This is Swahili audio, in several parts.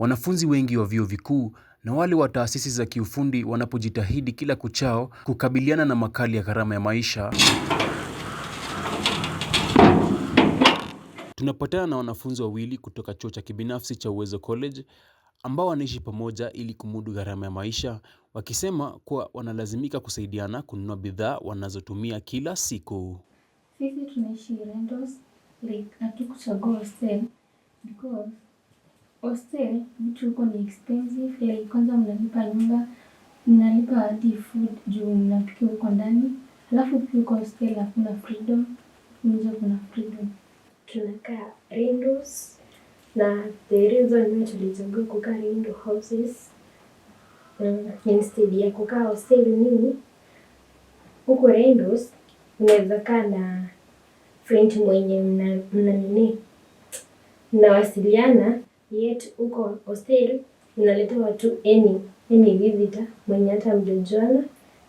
Wanafunzi wengi wa vyuo vikuu na wale wa taasisi za kiufundi wanapojitahidi kila kuchao kukabiliana na makali ya gharama ya maisha, tunapatana na wanafunzi wawili kutoka chuo cha kibinafsi cha Uwezo College ambao wanaishi pamoja ili kumudu gharama ya maisha, wakisema kuwa wanalazimika kusaidiana kununua bidhaa wanazotumia kila siku. Sisi tunaishi rentals like because hostel vitu huko ni expensive like, kwanza mnalipa nyumba, mnalipa hadi food juu mnapikia huko ndani, alafu pia huko hostel hakuna freedom, nje kuna freedom. Tunakaa Rindos na the reason mimi tulichagua kukaa Rindo houses instead ya kukaa hostel nini, huko Rindos unaweza kaa na friend mwenye mna nini mnawasiliana yetu huko hostel unaletewa watu any any visitor mwenye hata mjojuana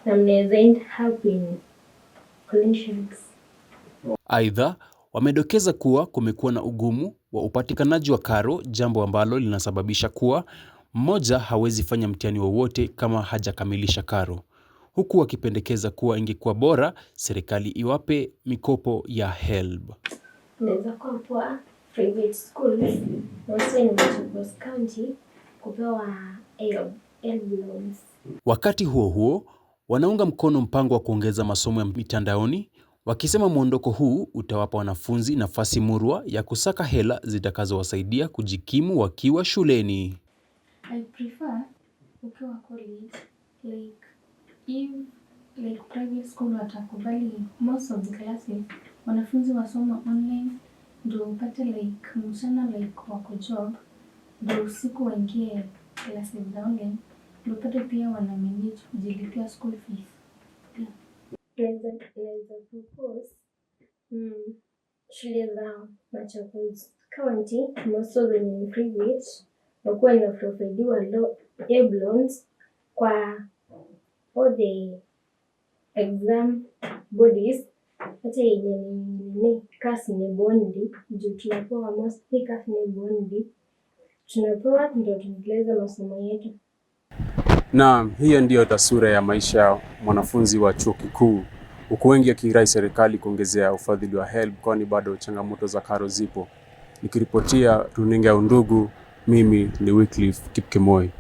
na mnaweza end up in collisions. Aidha, wamedokeza kuwa kumekuwa na ugumu wa upatikanaji wa karo, jambo ambalo linasababisha kuwa mmoja hawezi fanya mtihani wowote kama hajakamilisha karo, huku wakipendekeza kuwa ingekuwa bora serikali iwape mikopo ya HELB. kuwa poa private schools also in Machakos County kupewa HELB loans. Wakati huo huo, wanaunga mkono mpango wa kuongeza masomo ya mitandaoni wakisema mwondoko huu utawapa wanafunzi nafasi murwa ya kusaka hela zitakazowasaidia kujikimu wakiwa shuleni. I prefer ukiwa college, like if like private school watakubali most of the classes wanafunzi wasoma online ndio upate like mchana like wako job, ndio usiku waingie classes za online, ndio upate pia wana manage kujilipia school fees. Mm, shule za Machakos County maso zenye ni private wakuwa inafrofaidiwa ablons kwa all the exam bodies hata yenye nini kas ni bondi juu tunapewa mostly kas ni bondi tunapewa ndio tuendeleze masomo yetu. Naam, hiyo ndiyo taswira ya maisha ya mwanafunzi wa chuo kikuu, huku wengi akirai serikali kuongezea ufadhili wa HELB, kwani bado changamoto za karo zipo. Nikiripotia runinga ya Undugu, mimi ni Wycliffe Kipkemoi.